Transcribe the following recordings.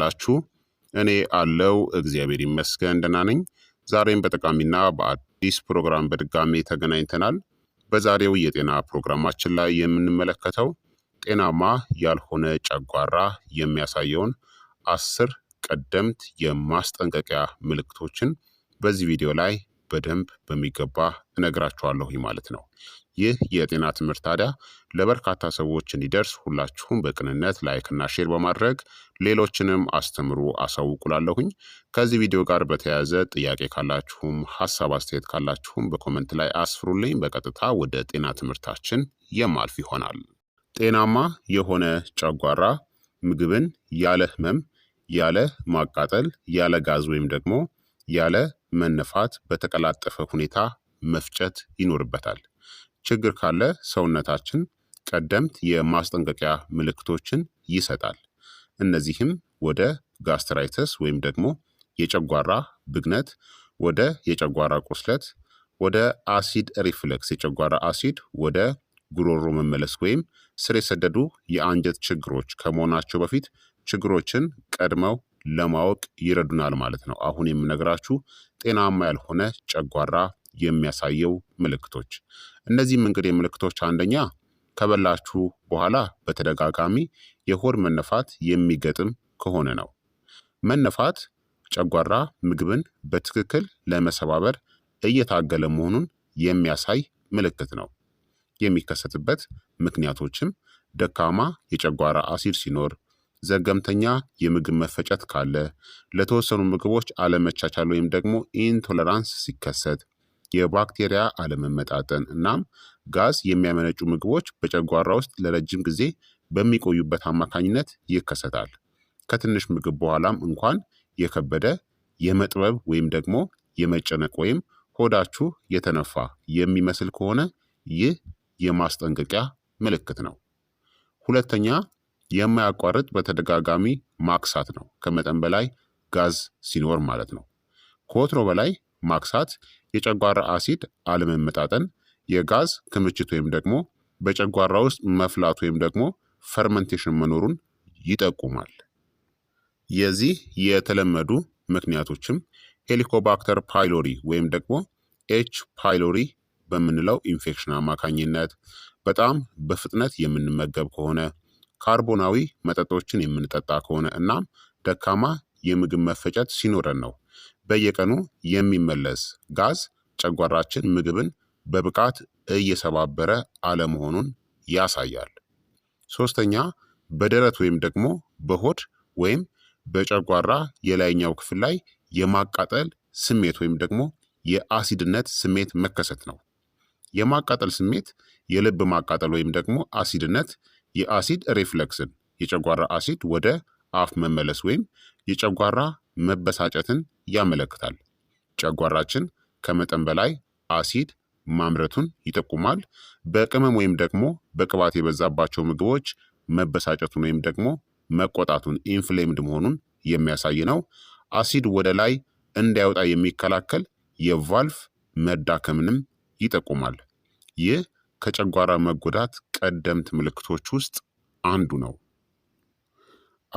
ላችሁ እኔ አለው እግዚአብሔር ይመስገን ደህና ነኝ። ዛሬም በጠቃሚና በአዲስ ፕሮግራም በድጋሜ ተገናኝተናል። በዛሬው የጤና ፕሮግራማችን ላይ የምንመለከተው ጤናማ ያልሆነ ጨጓራ የሚያሳየውን አስር ቀደምት የማስጠንቀቂያ ምልክቶችን በዚህ ቪዲዮ ላይ በደንብ በሚገባ እነግራችኋለሁ ማለት ነው። ይህ የጤና ትምህርት ታዲያ ለበርካታ ሰዎች እንዲደርስ ሁላችሁም በቅንነት ላይክና ሼር በማድረግ ሌሎችንም አስተምሩ አሳውቁላለሁኝ። ከዚህ ቪዲዮ ጋር በተያያዘ ጥያቄ ካላችሁም ሀሳብ አስተያየት ካላችሁም በኮመንት ላይ አስፍሩልኝ። በቀጥታ ወደ ጤና ትምህርታችን የማልፍ ይሆናል። ጤናማ የሆነ ጨጓራ ምግብን ያለ ህመም፣ ያለ ማቃጠል፣ ያለ ጋዝ ወይም ደግሞ ያለ መነፋት፣ በተቀላጠፈ ሁኔታ መፍጨት ይኖርበታል። ችግር ካለ ሰውነታችን ቀደምት የማስጠንቀቂያ ምልክቶችን ይሰጣል። እነዚህም ወደ ጋስትራይተስ ወይም ደግሞ የጨጓራ ብግነት፣ ወደ የጨጓራ ቁስለት፣ ወደ አሲድ ሪፍለክስ የጨጓራ አሲድ ወደ ጉሮሮ መመለስ ወይም ስር የሰደዱ የአንጀት ችግሮች ከመሆናቸው በፊት ችግሮችን ቀድመው ለማወቅ ይረዱናል ማለት ነው። አሁን የምነግራችሁ ጤናማ ያልሆነ ጨጓራ የሚያሳየው ምልክቶች። እነዚህም እንግዲህ ምልክቶች አንደኛ ከበላችሁ በኋላ በተደጋጋሚ የሆድ መነፋት የሚገጥም ከሆነ ነው። መነፋት ጨጓራ ምግብን በትክክል ለመሰባበር እየታገለ መሆኑን የሚያሳይ ምልክት ነው። የሚከሰትበት ምክንያቶችም ደካማ የጨጓራ አሲድ ሲኖር ዘገምተኛ የምግብ መፈጨት ካለ፣ ለተወሰኑ ምግቦች አለመቻቻል ወይም ደግሞ ኢንቶለራንስ ሲከሰት፣ የባክቴሪያ አለመመጣጠን እናም ጋዝ የሚያመነጩ ምግቦች በጨጓራ ውስጥ ለረጅም ጊዜ በሚቆዩበት አማካኝነት ይከሰታል። ከትንሽ ምግብ በኋላም እንኳን የከበደ የመጥበብ ወይም ደግሞ የመጨነቅ ወይም ሆዳችሁ የተነፋ የሚመስል ከሆነ ይህ የማስጠንቀቂያ ምልክት ነው። ሁለተኛ የማያቋርጥ በተደጋጋሚ ማክሳት ነው። ከመጠን በላይ ጋዝ ሲኖር ማለት ነው። ከወትሮ በላይ ማክሳት የጨጓራ አሲድ አለመመጣጠን፣ የጋዝ ክምችት ወይም ደግሞ በጨጓራ ውስጥ መፍላት ወይም ደግሞ ፈርመንቴሽን መኖሩን ይጠቁማል። የዚህ የተለመዱ ምክንያቶችም ሄሊኮባክተር ፓይሎሪ ወይም ደግሞ ኤች ፓይሎሪ በምንለው ኢንፌክሽን አማካኝነት፣ በጣም በፍጥነት የምንመገብ ከሆነ ካርቦናዊ መጠጦችን የምንጠጣ ከሆነ እናም ደካማ የምግብ መፈጨት ሲኖረን ነው። በየቀኑ የሚመለስ ጋዝ ጨጓራችን ምግብን በብቃት እየሰባበረ አለመሆኑን ያሳያል። ሶስተኛ በደረት ወይም ደግሞ በሆድ ወይም በጨጓራ የላይኛው ክፍል ላይ የማቃጠል ስሜት ወይም ደግሞ የአሲድነት ስሜት መከሰት ነው። የማቃጠል ስሜት የልብ ማቃጠል ወይም ደግሞ አሲድነት የአሲድ ሪፍለክስን የጨጓራ አሲድ ወደ አፍ መመለስ ወይም የጨጓራ መበሳጨትን ያመለክታል። ጨጓራችን ከመጠን በላይ አሲድ ማምረቱን ይጠቁማል። በቅመም ወይም ደግሞ በቅባት የበዛባቸው ምግቦች መበሳጨቱን ወይም ደግሞ መቆጣቱን ኢንፍሌምድ መሆኑን የሚያሳይ ነው። አሲድ ወደ ላይ እንዳይወጣ የሚከላከል የቫልፍ መዳከምንም ይጠቁማል። ይህ ከጨጓራ መጎዳት ቀደምት ምልክቶች ውስጥ አንዱ ነው።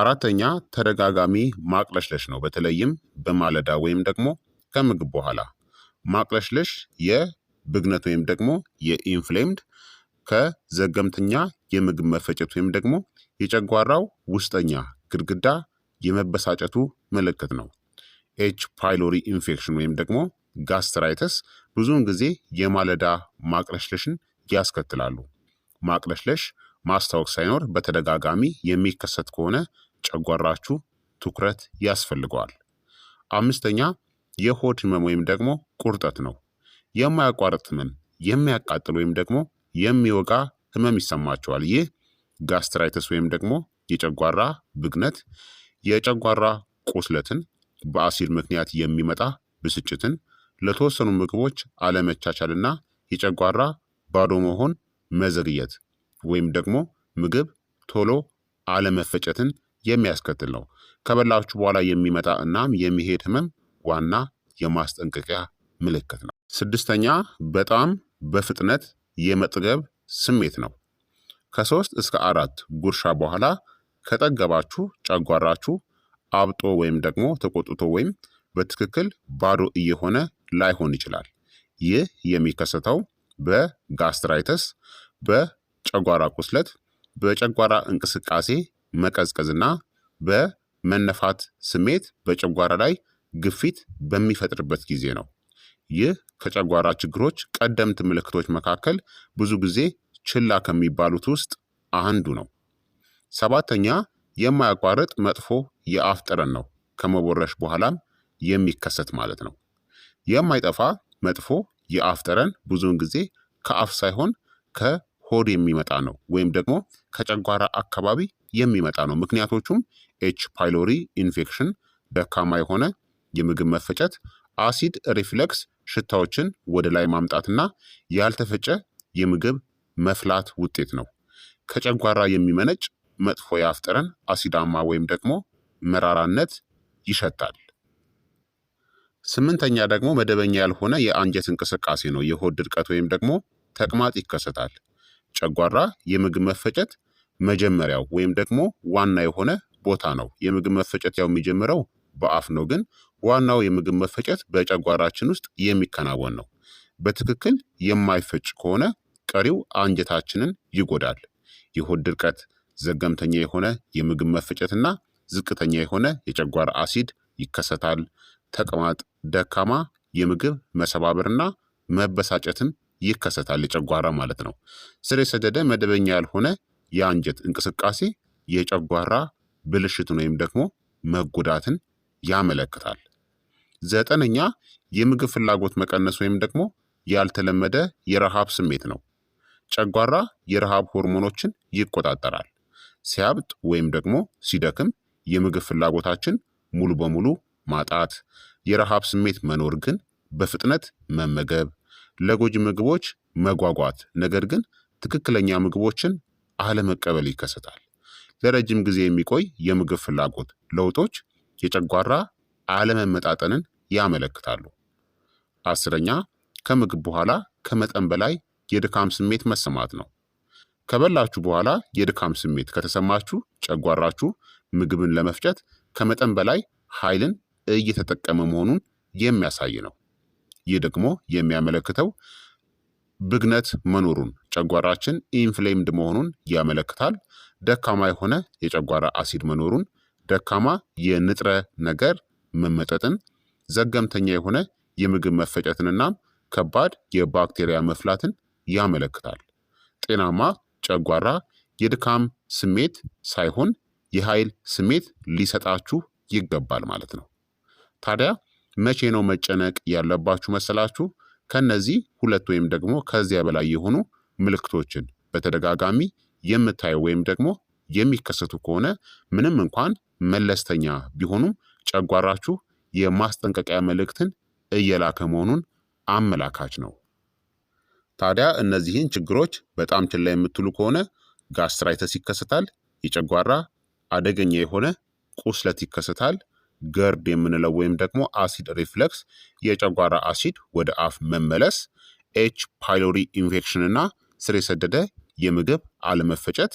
አራተኛ ተደጋጋሚ ማቅለሽለሽ ነው። በተለይም በማለዳ ወይም ደግሞ ከምግብ በኋላ ማቅለሽለሽ የብግነት ወይም ደግሞ የኢንፍሌምድ ከዘገምተኛ የምግብ መፈጨት ወይም ደግሞ የጨጓራው ውስጠኛ ግድግዳ የመበሳጨቱ ምልክት ነው። ኤች ፓይሎሪ ኢንፌክሽን ወይም ደግሞ ጋስትራይተስ ብዙውን ጊዜ የማለዳ ማቅለሽለሽን ያስከትላሉ። ማቅለሽለሽ ማስታወክ ሳይኖር በተደጋጋሚ የሚከሰት ከሆነ ጨጓራችሁ ትኩረት ያስፈልገዋል። አምስተኛ የሆድ ህመም ወይም ደግሞ ቁርጠት ነው። የማያቋርጥ ህመም፣ የሚያቃጥል ወይም ደግሞ የሚወጋ ህመም ይሰማቸዋል። ይህ ጋስትራይተስ ወይም ደግሞ የጨጓራ ብግነት፣ የጨጓራ ቁስለትን፣ በአሲድ ምክንያት የሚመጣ ብስጭትን፣ ለተወሰኑ ምግቦች አለመቻቻልና የጨጓራ ባዶ መሆን፣ መዘግየት ወይም ደግሞ ምግብ ቶሎ አለመፈጨትን የሚያስከትል ነው። ከበላችሁ በኋላ የሚመጣ እናም የሚሄድ ህመም ዋና የማስጠንቀቂያ ምልክት ነው። ስድስተኛ በጣም በፍጥነት የመጥገብ ስሜት ነው። ከሶስት እስከ አራት ጉርሻ በኋላ ከጠገባችሁ ጨጓራችሁ አብጦ ወይም ደግሞ ተቆጥቶ ወይም በትክክል ባዶ እየሆነ ላይሆን ይችላል። ይህ የሚከሰተው በጋስትራይተስ፣ በጨጓራ ቁስለት፣ በጨጓራ እንቅስቃሴ መቀዝቀዝና በመነፋት ስሜት በጨጓራ ላይ ግፊት በሚፈጥርበት ጊዜ ነው። ይህ ከጨጓራ ችግሮች ቀደምት ምልክቶች መካከል ብዙ ጊዜ ችላ ከሚባሉት ውስጥ አንዱ ነው። ሰባተኛ የማያቋርጥ መጥፎ የአፍ ጠረን ነው። ከመቦረሽ በኋላም የሚከሰት ማለት ነው። የማይጠፋ መጥፎ የአፍ ጠረን ብዙውን ጊዜ ከአፍ ሳይሆን ከሆድ የሚመጣ ነው፣ ወይም ደግሞ ከጨጓራ አካባቢ የሚመጣ ነው። ምክንያቶቹም ኤች ፓይሎሪ ኢንፌክሽን፣ ደካማ የሆነ የምግብ መፈጨት፣ አሲድ ሪፍለክስ፣ ሽታዎችን ወደ ላይ ማምጣትና ያልተፈጨ የምግብ መፍላት ውጤት ነው። ከጨጓራ የሚመነጭ መጥፎ የአፍ ጠረን አሲዳማ ወይም ደግሞ መራራነት ይሸታል። ስምንተኛ ደግሞ መደበኛ ያልሆነ የአንጀት እንቅስቃሴ ነው። የሆድ ድርቀት ወይም ደግሞ ተቅማጥ ይከሰታል። ጨጓራ የምግብ መፈጨት መጀመሪያው ወይም ደግሞ ዋና የሆነ ቦታ ነው። የምግብ መፈጨት ያው የሚጀምረው በአፍ ነው፣ ግን ዋናው የምግብ መፈጨት በጨጓራችን ውስጥ የሚከናወን ነው። በትክክል የማይፈጭ ከሆነ ቀሪው አንጀታችንን ይጎዳል። የሆድ ድርቀት ዘገምተኛ የሆነ የምግብ መፈጨትና ዝቅተኛ የሆነ የጨጓራ አሲድ ይከሰታል። ተቅማጥ፣ ደካማ የምግብ መሰባበርና መበሳጨትን ይከሰታል። የጨጓራ ማለት ነው። ስር የሰደደ መደበኛ ያልሆነ የአንጀት እንቅስቃሴ የጨጓራ ብልሽትን ወይም ደግሞ መጎዳትን ያመለክታል። ዘጠነኛ የምግብ ፍላጎት መቀነስ ወይም ደግሞ ያልተለመደ የረሃብ ስሜት ነው። ጨጓራ የረሃብ ሆርሞኖችን ይቆጣጠራል። ሲያብጥ ወይም ደግሞ ሲደክም የምግብ ፍላጎታችን ሙሉ በሙሉ ማጣት፣ የረሃብ ስሜት መኖር ግን በፍጥነት መመገብ፣ ለጎጅ ምግቦች መጓጓት፣ ነገር ግን ትክክለኛ ምግቦችን አለመቀበል ይከሰታል። ለረጅም ጊዜ የሚቆይ የምግብ ፍላጎት ለውጦች የጨጓራ አለመመጣጠንን ያመለክታሉ። አስረኛ ከምግብ በኋላ ከመጠን በላይ የድካም ስሜት መሰማት ነው። ከበላችሁ በኋላ የድካም ስሜት ከተሰማችሁ ጨጓራችሁ ምግብን ለመፍጨት ከመጠን በላይ ኃይልን እየተጠቀመ መሆኑን የሚያሳይ ነው። ይህ ደግሞ የሚያመለክተው ብግነት መኖሩን፣ ጨጓራችን ኢንፍሌምድ መሆኑን ያመለክታል። ደካማ የሆነ የጨጓራ አሲድ መኖሩን፣ ደካማ የንጥረ ነገር መመጠጥን፣ ዘገምተኛ የሆነ የምግብ መፈጨትንና ከባድ የባክቴሪያ መፍላትን ያመለክታል። ጤናማ ጨጓራ የድካም ስሜት ሳይሆን የኃይል ስሜት ሊሰጣችሁ ይገባል ማለት ነው። ታዲያ መቼ ነው መጨነቅ ያለባችሁ መሰላችሁ? ከነዚህ ሁለት ወይም ደግሞ ከዚያ በላይ የሆኑ ምልክቶችን በተደጋጋሚ የምታየው ወይም ደግሞ የሚከሰቱ ከሆነ ምንም እንኳን መለስተኛ ቢሆኑም ጨጓራችሁ የማስጠንቀቂያ መልእክትን እየላከ መሆኑን አመላካች ነው። ታዲያ እነዚህን ችግሮች በጣም ችላ የምትሉ ከሆነ ጋስትራይተስ ይከሰታል። የጨጓራ አደገኛ የሆነ ቁስለት ይከሰታል። ገርድ የምንለው ወይም ደግሞ አሲድ ሪፍለክስ የጨጓራ አሲድ ወደ አፍ መመለስ፣ ኤች ፓይሎሪ ኢንፌክሽን እና ስር የሰደደ የምግብ አለመፈጨት፣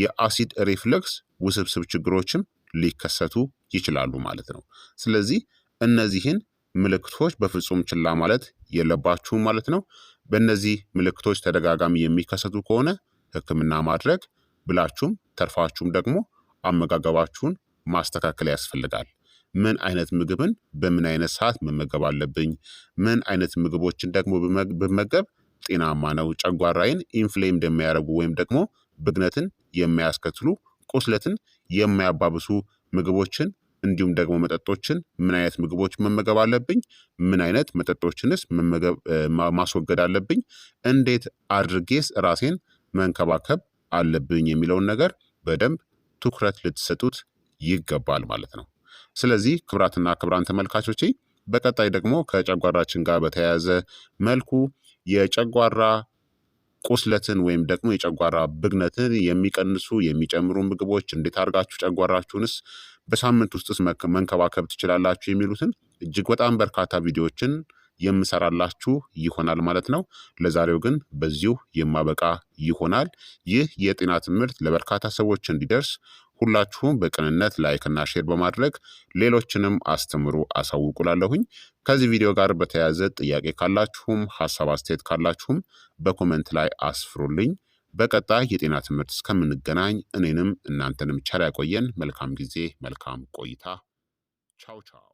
የአሲድ ሪፍለክስ ውስብስብ ችግሮችም ሊከሰቱ ይችላሉ ማለት ነው። ስለዚህ እነዚህን ምልክቶች በፍጹም ችላ ማለት የለባችሁም ማለት ነው። በእነዚህ ምልክቶች ተደጋጋሚ የሚከሰቱ ከሆነ ሕክምና ማድረግ ብላችሁም ተርፋችሁም ደግሞ አመጋገባችሁን ማስተካከል ያስፈልጋል። ምን አይነት ምግብን በምን አይነት ሰዓት መመገብ አለብኝ፣ ምን አይነት ምግቦችን ደግሞ ብመገብ ጤናማ ነው፣ ጨጓራዬን ኢንፍሌም እንደሚያደርጉ ወይም ደግሞ ብግነትን የሚያስከትሉ ቁስለትን የሚያባብሱ ምግቦችን እንዲሁም ደግሞ መጠጦችን ምን አይነት ምግቦች መመገብ አለብኝ፣ ምን አይነት መጠጦችንስ ማስወገድ አለብኝ፣ እንዴት አድርጌስ ራሴን መንከባከብ አለብኝ የሚለውን ነገር በደንብ ትኩረት ልትሰጡት ይገባል ማለት ነው። ስለዚህ ክብራትና ክብራን ተመልካቾቼ በቀጣይ ደግሞ ከጨጓራችን ጋር በተያያዘ መልኩ የጨጓራ ቁስለትን ወይም ደግሞ የጨጓራ ብግነትን የሚቀንሱ የሚጨምሩ ምግቦች እንዴት አድርጋችሁ ጨጓራችሁንስ በሳምንት ውስጥስ መንከባከብ ትችላላችሁ የሚሉትን እጅግ በጣም በርካታ ቪዲዮዎችን የምሰራላችሁ ይሆናል ማለት ነው። ለዛሬው ግን በዚሁ የማበቃ ይሆናል። ይህ የጤና ትምህርት ለበርካታ ሰዎች እንዲደርስ ሁላችሁም በቅንነት ላይክና ሼር በማድረግ ሌሎችንም አስተምሩ አሳውቁላለሁኝ። ከዚህ ቪዲዮ ጋር በተያያዘ ጥያቄ ካላችሁም ሀሳብ አስተያየት ካላችሁም በኮመንት ላይ አስፍሩልኝ። በቀጣይ የጤና ትምህርት እስከምንገናኝ እኔንም እናንተንም ቸር ያቆየን። መልካም ጊዜ፣ መልካም ቆይታ። ቻው ቻው